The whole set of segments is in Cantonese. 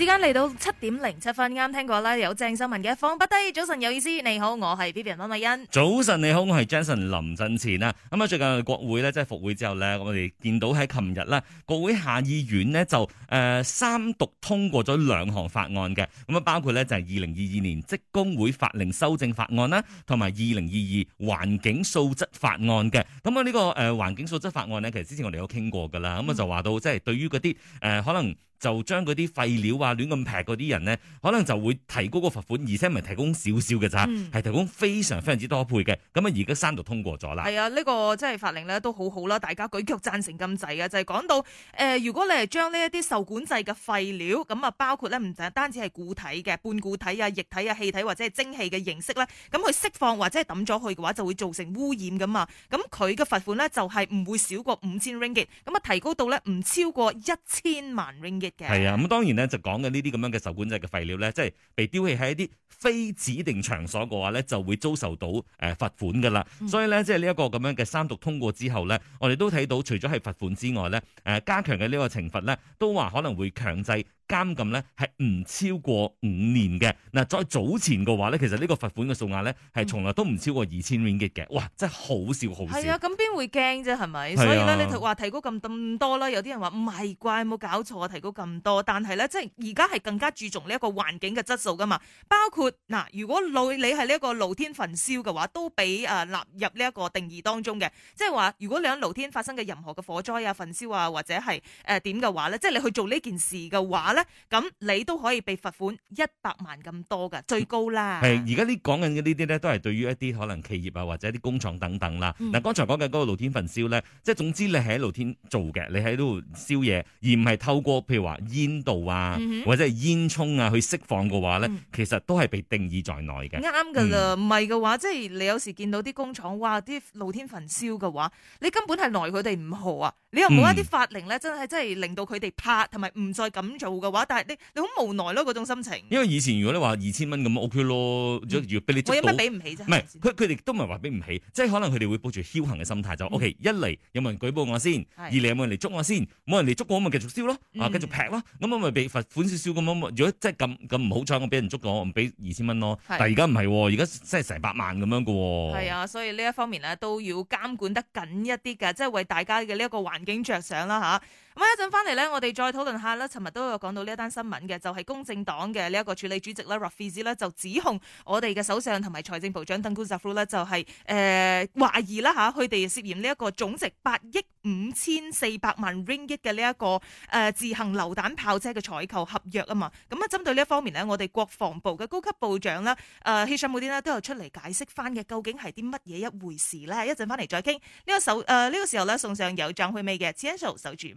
時間嚟到七點零七分，啱聽過啦，有正新聞嘅放不低。早晨有意思，你好，我係 B B 溫美欣。早晨你好，我係 Jason 林振前啊。咁啊，最近國會咧即係復會之後咧，我哋見到喺琴日咧，國會下議院呢就誒、呃、三讀通過咗兩項法案嘅。咁啊，包括咧就係二零二二年職工會法令修正法案啦，同埋二零二二環境素質法案嘅。咁、這、啊、個，呢個誒環境素質法案呢，其實之前我哋有傾過噶啦。咁啊、嗯，就話到即係對於嗰啲誒可能。就將嗰啲廢料啊亂咁劈嗰啲人呢，可能就會提高個罰款，而且唔係提供少少嘅咋，係、嗯、提供非常非常之多倍嘅。咁啊，而家三讀通過咗啦。係啊，呢個即係法令呢都好好啦，大家舉腳贊成咁滯啊，就係、是、講到誒、呃，如果你係將呢一啲受管制嘅廢料，咁啊包括咧唔單止係固體嘅、半固體啊、液體啊、氣體、啊、或者係蒸汽嘅形式咧，咁佢釋放或者係抌咗佢嘅話，就會造成污染噶嘛。咁佢嘅罰款呢，就係唔會少過五千 ringgit，咁啊提高到呢唔超過一千萬 ringgit。係啊，咁當然咧就講緊呢啲咁樣嘅受管制嘅廢料咧，即係被丟棄喺一啲非指定場所嘅話咧，就會遭受到誒罰款噶啦。嗯、所以咧，即係呢一個咁樣嘅三讀通過之後咧，我哋都睇到除咗係罰款之外咧，誒加強嘅呢個懲罰咧，都話可能會強制。監禁咧係唔超過五年嘅。嗱，再早前嘅話咧，其實呢個罰款嘅數額咧係從來都唔超過二千 ringgit 嘅。哇，真係好笑，好笑。係啊，咁邊會驚啫？係咪？啊、所以咧，你話提高咁咁多啦，有啲人話唔係，怪冇搞錯啊，提高咁多。但係咧，即係而家係更加注重呢一個環境嘅質素噶嘛。包括嗱、啊，如果你係呢一個露天焚燒嘅話，都俾誒納入呢一個定義當中嘅。即係話，如果你喺露天發生嘅任何嘅火災啊、焚燒啊，或者係誒點嘅話咧，即係你去做呢件事嘅話咧。咁你都可以被罰款一百萬咁多噶，最高啦。係而家啲講緊嘅呢啲咧，是都係對於一啲可能企業啊，或者啲工廠等等啦。嗱、嗯，剛才講嘅嗰個露天焚燒咧，即係總之你係喺露天做嘅，你喺度燒嘢，而唔係透過譬如話煙道啊，嗯、哼或者係煙囪啊去釋放嘅話咧，其實都係被定義在內嘅。啱噶啦，唔係嘅話，即係你有時見到啲工廠哇，啲露天焚燒嘅話，你根本係奈佢哋唔何啊，你又冇一啲法令咧，真係真係令到佢哋怕，同埋唔再咁做嘅。話，但係你你好無奈咯，嗰種心情。因為以前如果你話二千蚊咁，O K 咯，嗯、如果俾你，我有乜俾唔起啫？唔係是，佢佢哋都唔係話俾唔起，即、就、係、是、可能佢哋會抱住僥倖嘅心態，嗯、就 O K。Okay, 一嚟有冇人舉報我先？是二嚟有冇人嚟捉我先？冇人嚟捉我，我咪繼續燒咯，啊，繼續劈咯。咁我咪俾罰款少少咁。如果即係咁咁唔好彩，我俾人捉咗，我俾二千蚊咯。是但係而家唔係，而家即係成百萬咁樣噶。係啊，所以呢一方面咧都要監管得緊一啲噶，即係為大家嘅呢一個環境着想啦吓。咁一陣翻嚟咧，我哋再討論下啦。尋日都有講到呢一單新聞嘅，就係公正黨嘅呢一個署理主席啦，Rafizi 啦就指控我哋嘅首相同埋財政部長東姑扎夫魯咧，就係誒懷疑啦吓，佢哋涉嫌呢一個總值八億五千四百萬 Ringgit 嘅呢一個誒自行榴彈炮車嘅採購合約啊嘛。咁啊，針對呢一方面呢，我哋國防部嘅高級部長啦，誒希山慕丁呢都有出嚟解釋翻嘅，究竟係啲乜嘢一回事咧？一陣翻嚟再傾。呢個手誒呃呢個時候咧，送上有醬去未嘅 Channel 守住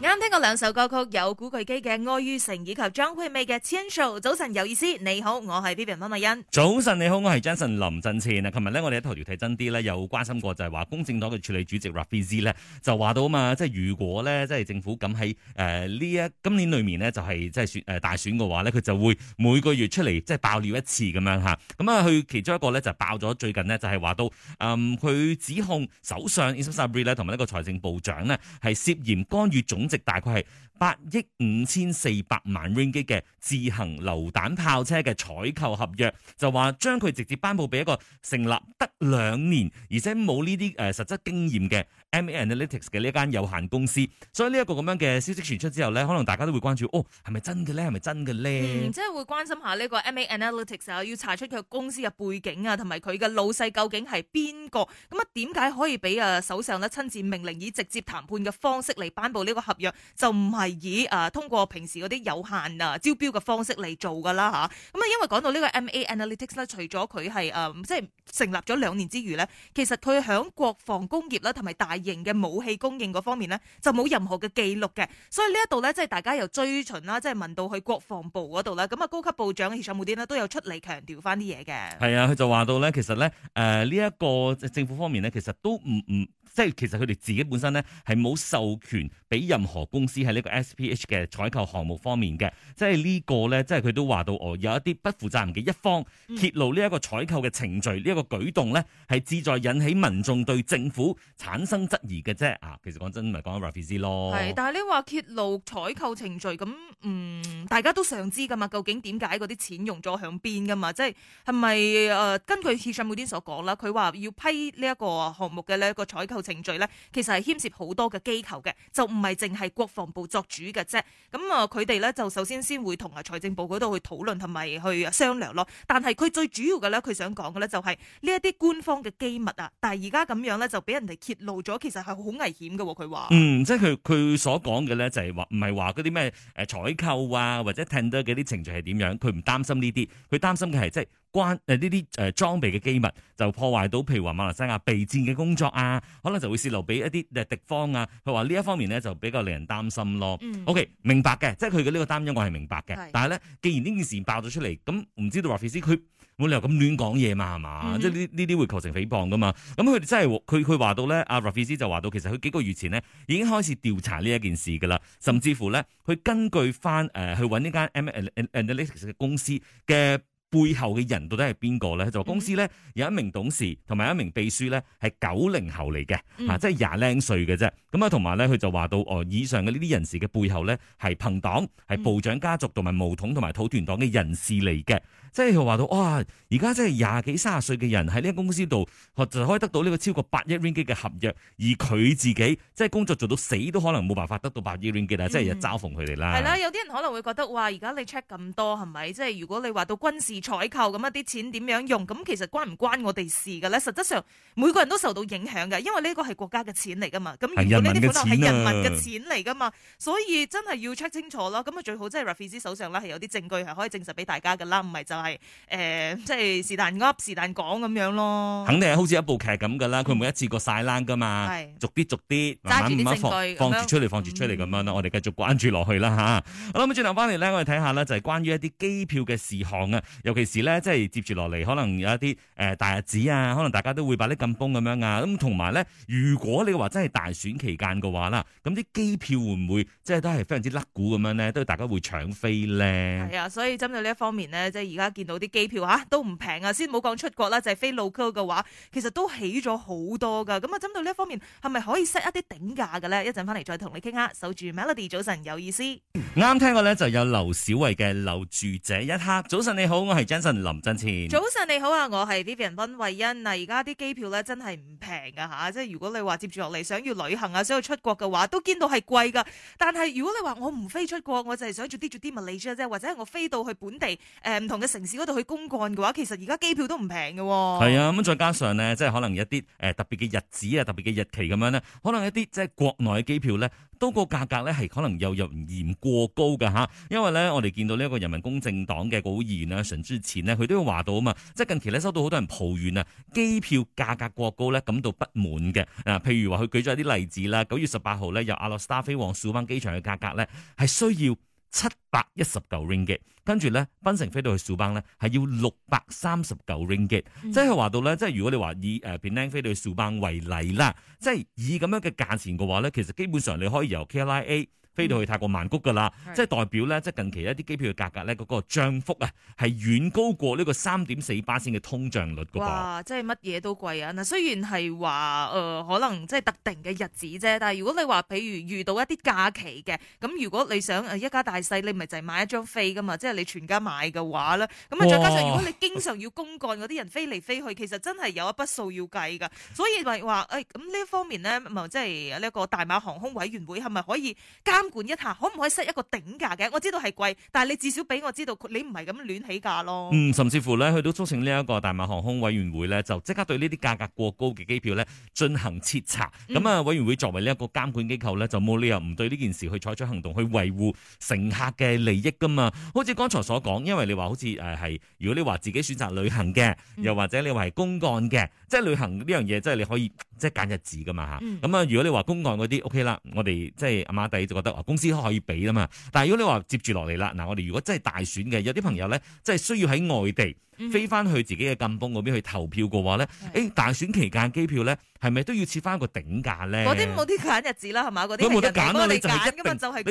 啱聽過兩首歌曲，有古巨基嘅《愛與誠》，以及張惠妹嘅《牽手》。早晨有意思，你好，我係 B 邊媽咪欣。早晨你好，我係張晨林振前啊！琴日，呢，我哋喺頭條睇真啲呢，有關心過就係話，公正黨嘅處理主席 Rafizi 呢，咧，就話到啊嘛，即係如果呢，即、就、係、是、政府咁喺誒呢一今年裏面呢，就係即係選誒大選嘅話呢，佢就會每個月出嚟即係爆料一次咁樣吓。咁啊，佢、啊、其中一個呢，就是、爆咗最近呢，就係、是、話到，嗯，佢指控首相 Ismail Sabri 同埋呢個財政部長呢，係涉嫌干預。總值大概係八億五千四百萬 Ringgit 嘅自行榴彈炮車嘅採購合約，就話將佢直接頒布俾一個成立得兩年而且冇呢啲誒實質經驗嘅 M A Analytics 嘅呢間有限公司。所以呢一個咁樣嘅消息傳出之後呢，可能大家都會關注哦，係咪真嘅呢？係咪真嘅咧、嗯？即係會關心一下呢個 M A Analytics 啊，要查出佢公司嘅背景啊，同埋佢嘅老細究竟係邊個？咁啊，點解可以俾啊首相呢親自命令以直接談判嘅方式嚟頒布？呢個合約就唔係以誒、啊、通過平時嗰啲有限啊招標嘅方式嚟做㗎啦吓，咁啊，因為講到呢個 MA Analytics 咧，除咗佢係誒即係成立咗兩年之餘呢，其實佢響國防工業啦同埋大型嘅武器供應嗰方面呢，就冇任何嘅記錄嘅。所以呢一度呢，即係大家又追尋啦，即係問到去國防部嗰度咧，咁啊高級部長氣上冇啲呢都有出嚟強調翻啲嘢嘅。係啊，佢就話到呢，其實呢，誒呢一個政府方面呢，其實都唔唔即係其實佢哋自己本身呢，係冇授權俾畀任何公司喺呢個 SPH 嘅採購項目方面嘅，即係呢個咧，即係佢都話到哦有一啲不負責任嘅一方揭露呢一個採購嘅程序呢一、嗯、個舉動咧，係志在引起民眾對政府產生質疑嘅啫。啊，其實講真的說，咪講緊 Rafiz 咯。係，但係你話揭露採購程序咁，嗯，大家都想知噶嘛？究竟點解嗰啲錢用咗響邊噶嘛？即係係咪誒？根據協信每天所講啦，佢話要批呢一個項目嘅呢一個採購程序咧，其實係牽涉好多嘅機構嘅，就唔係。係淨係國防部作主嘅啫，咁啊，佢哋咧就首先先會同啊財政部嗰度去討論同埋去商量咯。但係佢最主要嘅咧，佢想講嘅咧就係呢一啲官方嘅機密啊。但係而家咁樣咧，就俾人哋揭露咗，其實係好危險嘅。佢話嗯，即係佢佢所講嘅咧就係話唔係話嗰啲咩誒採購啊或者 tender 嘅啲程序係點樣，佢唔擔心呢啲，佢擔心嘅係即係。關誒呢啲誒裝備嘅機密就破壞到，譬如話馬來西亞備戰嘅工作啊，可能就會泄露俾一啲誒敵方啊。佢話呢一方面咧就比較令人擔心咯。嗯、O.K. 明白嘅，即係佢嘅呢個擔憂，我係明白嘅。是但係咧，既然呢件事爆咗出嚟，咁唔知道 Rafis 佢冇理由咁亂講嘢嘛，係、嗯、嘛？即、嗯、係呢呢啲會構成誹謗噶嘛？咁佢哋真係，佢佢話到咧，阿 Rafis 就話到，其實佢幾個月前呢已經開始調查呢一件事噶啦，甚至乎咧，佢根據翻誒、呃、去搵呢間 Analytics 嘅公司嘅。背後嘅人到底係邊個呢？就公司呢，有一名董事同埋一名秘書呢，係九零後嚟嘅，吓即係廿零歲嘅啫。咁啊，同埋呢，佢就話到哦，以上嘅呢啲人士嘅背後呢，係朋黨、係部長家族同埋巫統同埋土團黨嘅人士嚟嘅。即係佢話到哇，而家即係廿幾、卅歲嘅人喺呢間公司度，就可以得到呢個超過八億 ringgit 嘅合約，而佢自己即係工作做到死都可能冇辦法得到八億 ringgit 啊！即係又嘲諷佢哋啦。係啦，有啲人可能會覺得哇，而家你 check 咁多係咪？即係如果你話到軍事採購咁一啲錢點樣用，咁其實關唔關我哋事㗎咧？實質上每個人都受到影響㗎，因為呢個係國家嘅錢嚟㗎嘛。咁係人民嘅錢啊！係人民嘅錢嚟㗎嘛，所以真係要 check 清楚囉。咁啊，最好即係 Rafizi 手上啦，係有啲證據係可以證實俾大家㗎啦，唔係就。誒、呃，即係是但噏，是但講咁樣咯。肯定係好似一部劇咁噶啦，佢每一次過晒冷噶嘛，是逐啲逐啲慢慢唔放放住出嚟，放住出嚟咁樣咯。我哋繼續關注落去啦吓。嗯、好啦，咁轉頭翻嚟咧，我哋睇下咧，就係關於一啲機票嘅事項啊，尤其是咧，即係接住落嚟可能有一啲誒、呃、大日子啊，可能大家都會把啲咁崩咁樣啊。咁同埋咧，如果你話真係大選期間嘅話啦，咁啲機票會唔會即係都係非常之甩股咁樣咧？都係大家會搶飛咧？係啊，所以針對呢一方面咧，即係而家。見到啲機票吓都唔平啊，先唔好講出國啦，就係、是、飛 local 嘅話，其實都起咗好多噶。咁啊，針對呢一方面，係咪可以 set 一啲頂價噶咧來一陣翻嚟再同你傾下。守住 Melody，早晨有意思。啱聽過咧，就有劉小慧嘅《留住這一刻》。早晨你好，我係 Jason 林振前。早晨你好啊，我係 Vivian 溫慧欣。嗱，而家啲機票咧真係唔平噶吓，即係如果你話接住落嚟想要旅行啊，想要出國嘅話，都見到係貴噶。但係如果你話我唔飛出國，我就係想住啲住啲物嚟咗啫，或者係我飛到去本地誒唔、呃、同嘅城市嗰度去公幹嘅話，其實而家機票都唔平嘅喎。係啊，咁再加上咧，即係可能一啲誒特別嘅日子啊，特別嘅日、日期咁樣咧，可能一啲即係國內嘅機票咧，都個價格咧係可能又又嫌過高嘅嚇。因為咧，我哋見到呢一個人民公正黨嘅議員啊，純之前呢，佢都話到啊嘛，即係近期咧收到好多人抱怨啊，機票價格過高咧，感到不滿嘅啊。譬如話，佢舉咗一啲例子啦，九月十八號咧，由阿洛斯打飛往梳邦機場嘅價格咧，係需要。七百一十九 ringgit，跟住咧，檳、嗯、城飛到去蘇邦咧，係要六百三十九 ringgit。即係話到咧，即係如果你話以便、呃、Penang 飛到去蘇邦為例啦，即係以咁樣嘅價錢嘅話咧，其實基本上你可以由 K L I A。飛到去泰國曼谷㗎啦，嗯、即係代表咧，即係近期一啲機票嘅價格咧，嗰個漲幅啊，係遠高過呢個三點四巴仙嘅通脹率嘅噃、那個。哇！即係乜嘢都貴啊！嗱，雖然係話誒，可能即係特定嘅日子啫，但係如果你話，譬如遇到一啲假期嘅，咁如果你想一家大細，你咪就係買一張飛㗎嘛，即、就、係、是、你全家買嘅話咧，咁啊，再加上如果你經常要公幹嗰啲人飛嚟飛去，哇其實真係有一筆數要計㗎。所以咪話誒，咁呢一方面咧，即係呢一個大馬航空委員會係咪可以監管一下，可唔可以 set 一個頂價嘅？我知道係貴，但係你至少俾我知道，你唔係咁亂起價咯。嗯，甚至乎咧，去到促成呢一個大馬航空委員會咧，就即刻對呢啲價格過高嘅機票咧進行徹查。咁啊、嗯，委員會作為這監呢一個監管機構咧，就冇理由唔對呢件事去採取行動，去維護乘客嘅利益噶嘛。好似剛才所講，因為你話好似誒係，如果你話自己選擇旅行嘅，又或者你話係公幹嘅，嗯、即係旅行呢樣嘢，即、就、係、是、你可以即係揀日子噶嘛吓。咁啊、嗯，嗯、如果你話公幹嗰啲，OK 啦，我哋即係阿媽弟就覺得。公司可以俾啊嘛，但係如果你話接住落嚟啦，嗱我哋如果真係大選嘅，有啲朋友咧，即係需要喺外地飛翻去自己嘅金峰嗰邊去投票嘅話咧，誒、嗯哼欸、大選期間機票咧係咪都要設翻一個頂價咧？嗰啲冇啲揀日子啦，係嘛嗰啲，冇得揀啊，你就，你就一定就係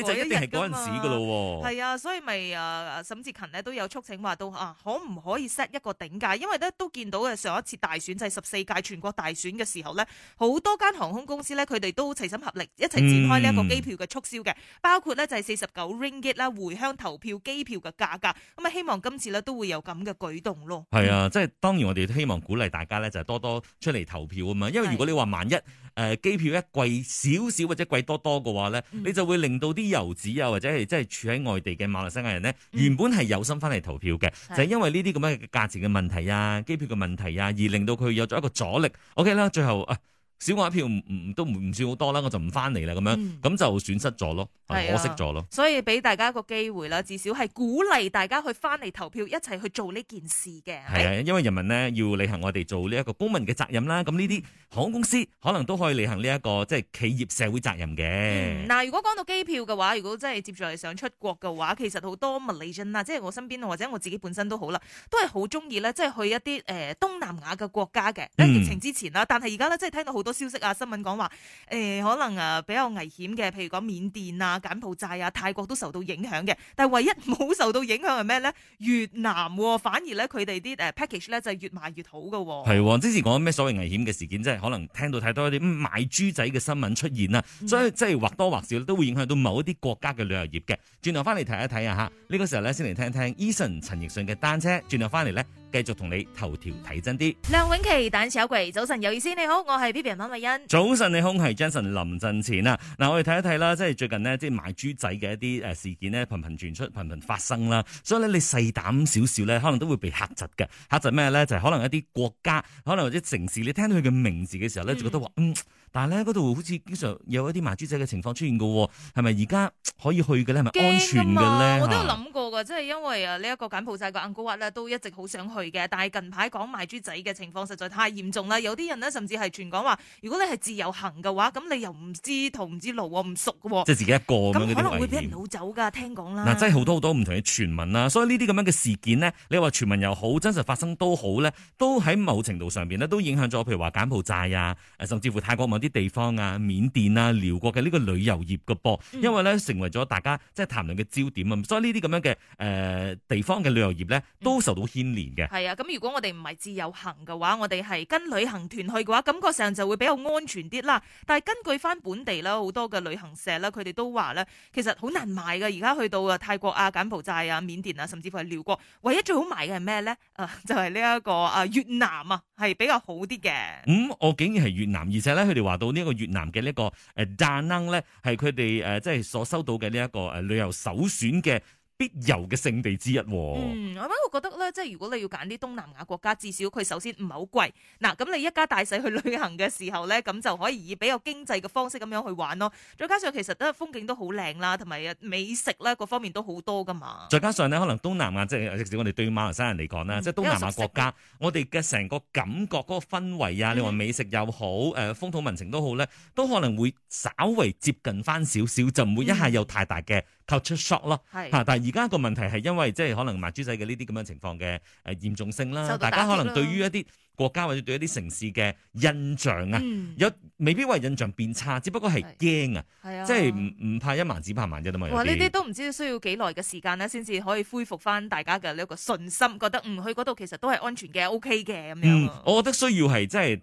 嗰陣時噶咯喎。係啊，所以咪啊沈志勤呢都有促請話到啊，可唔可以 set 一個頂價？因為咧都見到嘅上一次大選就係十四屆全國大選嘅時候咧，好多間航空公司咧，佢哋都齊心合力一齊展開呢一個機票嘅促銷嘅。嗯包括咧就係四十九 Ringgit 啦，回鄉投票機票嘅價格，咁啊希望今次咧都會有咁嘅舉動咯。係啊，即係當然我哋都希望鼓勵大家咧就係多多出嚟投票啊嘛，因為如果你話萬一誒機票一貴少少或者貴多多嘅話咧，嗯、你就會令到啲遊子啊或者係即係處喺外地嘅馬來西亞人咧，原本係有心翻嚟投票嘅，嗯、就係因為呢啲咁樣嘅價錢嘅問題啊，機票嘅問題啊，而令到佢有咗一個阻力。OK 啦，最後啊。小我一票唔都唔算好多啦，我就唔翻嚟啦，咁樣咁就損失咗咯，可惜咗咯、嗯。所以俾大家一個機會啦，至少係鼓勵大家去翻嚟投票，一齊去做呢件事嘅。係啊的，的因為人民呢要履行我哋做呢一個公民嘅責任啦。咁呢啲航空公司可能都可以履行呢、這、一個即係企業社會責任嘅。嗱、嗯，如果講到機票嘅話，如果真係接住嚟想出國嘅話，其實好多 Malaysia 即係我身邊或者我自己本身都好啦，都係好中意咧，即、就、係、是、去一啲誒、呃、東南亞嘅國家嘅。疫情之前啦，嗯、但係而家咧，即係聽到好。多消息啊！新聞講話誒，可能啊比較危險嘅，譬如講緬甸啊、柬埔寨啊、泰國都受到影響嘅。但係唯一冇受到影響係咩咧？越南、啊、反而咧佢哋啲誒 package 咧就係越賣越好嘅、啊。係、哦，之前講咩所謂危險嘅事件，即係可能聽到太多一啲賣豬仔嘅新聞出現啦。所以即係或多或少都會影響到某一啲國家嘅旅遊業嘅。轉頭翻嚟睇一睇啊嚇，呢個時候咧先嚟聽一聽 Eason 陳奕迅嘅單車。轉頭翻嚟咧。繼續同你頭條睇真啲。梁永琪蛋小鬼，早晨有意思，你好，我係 B B 潘慧欣。早晨你好，係 Johnson 林振前啊。嗱，我哋睇一睇啦，即係最近呢，即係賣豬仔嘅一啲誒事件呢，頻頻傳出，頻頻發生啦。所以呢，你細膽少少呢，可能都會被嚇窒嘅。嚇窒咩咧？就係、可能一啲國家，可能或者城市，你聽到佢嘅名字嘅時候咧，就覺得話，嗯，嗯。但係咧，嗰度好似經常有一啲賣豬仔嘅情況出現噶，係咪？而家可以去嘅咧，係咪安全嘅咧？我都諗過噶，啊、即係因為啊，呢、這、一個柬埔寨個吳哥窟咧，都一直好想嘅，但係近排講賣豬仔嘅情況實在太嚴重啦，有啲人呢，甚至係傳講話，如果你係自由行嘅話，咁你又唔知同唔知路喎，唔熟嘅喎，即係自己一個咁可能會俾人擄走噶，聽講啦。嗱，真係好多好多唔同嘅傳聞啦，所以呢啲咁樣嘅事件呢，你話傳聞又好，真實發生都好咧，都喺某程度上邊呢，都影響咗，譬如話柬埔寨啊，甚至乎泰國某啲地方啊、緬甸啊、寮國嘅呢個旅遊業嘅噃。因為咧成為咗大家即係談論嘅焦點啊，所以呢啲咁樣嘅誒地方嘅旅遊業咧，都受到牽連嘅。係啊，咁如果我哋唔係自由行嘅話，我哋係跟旅行團去嘅話，感覺上就會比較安全啲啦。但係根據翻本地啦，好多嘅旅行社啦，佢哋都話咧，其實好難賣㗎。而家去到啊泰國啊、柬埔寨啊、緬甸啊，甚至乎係寮國，唯一最好賣嘅係咩咧？誒、啊，就係呢一個啊越南啊，係比較好啲嘅。咁、嗯、我竟然係越南，而且咧佢哋話到呢一個越南嘅呢個誒 Da Nang 呢，咧，係佢哋誒即係所收到嘅呢一個誒旅遊首選嘅。必遊嘅勝地之一喎。嗯，我覺得咧，即係如果你要揀啲東南亞國家，至少佢首先唔係好貴。嗱，咁你一家大細去旅行嘅時候咧，咁就可以以比較經濟嘅方式咁樣去玩咯。再加上其實都係風景都好靚啦，同埋美食咧各方面都好多噶嘛。再加上呢，可能東南亞即係至少我哋對馬來西亞人嚟講啦，即係東南亞國家，的我哋嘅成個感覺嗰、那個氛圍啊，嗯、你話美食又好，誒風土民情都好咧，都可能會稍微接近翻少少，就唔會一下有太大嘅。嗯 Culture shock 咯，嚇 Culture 是！但係而家個問題係因為即係可能麻豬仔嘅呢啲咁樣情況嘅誒嚴重性啦，大家可能對於一啲國家或者對於一啲城市嘅印象啊，嗯、有未必話印象變差，只不過係驚啊，即係唔唔怕一萬只怕萬一啊嘛！哇！呢啲都唔知需要幾耐嘅時間咧，先至可以恢復翻大家嘅呢個信心，覺得唔去嗰度其實都係安全嘅，OK 嘅咁樣。我覺得需要係即係。真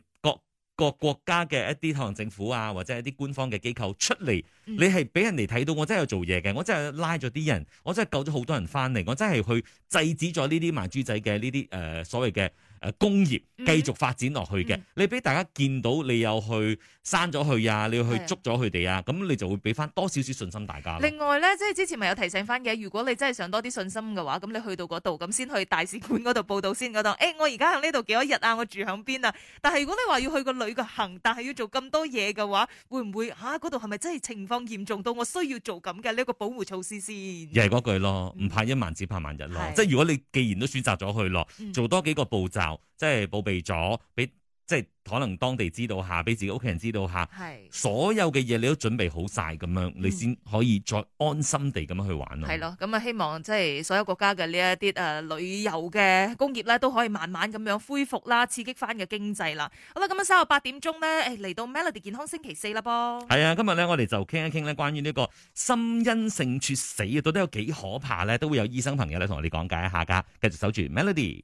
各國家嘅一啲可能政府啊，或者一啲官方嘅機構出嚟，你係俾人哋睇到，我真係有做嘢嘅，我真係拉咗啲人，我真係救咗好多人翻嚟，我真係去制止咗呢啲賣豬仔嘅呢啲誒所謂嘅。工業繼續發展落去嘅，嗯、你俾大家見到你有去刪咗佢啊，你要去捉咗佢哋啊，咁的你就會俾翻多少少信心大家。另外呢，即係之前咪有提醒翻嘅，如果你真係想多啲信心嘅話，咁你去到嗰度咁先去大使館嗰度報道先嗰度。誒、 欸，我而家喺呢度幾多日啊？我住響邊啊？但係如果你話要去個旅行，但係要做咁多嘢嘅話，會唔會嚇嗰度係咪真係情況嚴重到我需要做咁嘅呢個保護措施先？又係嗰句咯，唔怕一萬，至怕萬日囉。的即係如果你既然都選擇咗去囉，做多幾個步驟。嗯即係報備咗，俾即係可能當地知道下，俾自己屋企人知道下，係是所有嘅嘢你都準備好晒咁樣，嗯、你先可以再安心地咁樣去玩咯。係咯，咁啊希望即係所有國家嘅呢一啲誒旅遊嘅工業咧都可以慢慢咁樣恢復啦，刺激翻嘅經濟啦。好啦，咁啊，三號八點鐘咧，誒嚟到 Melody 健康星期四啦，噃，係啊，今日咧我哋就傾一傾咧關於呢個心因性猝死啊，到底有幾可怕咧？都會有醫生朋友咧同我哋講解一下噶。繼續守住 Melody。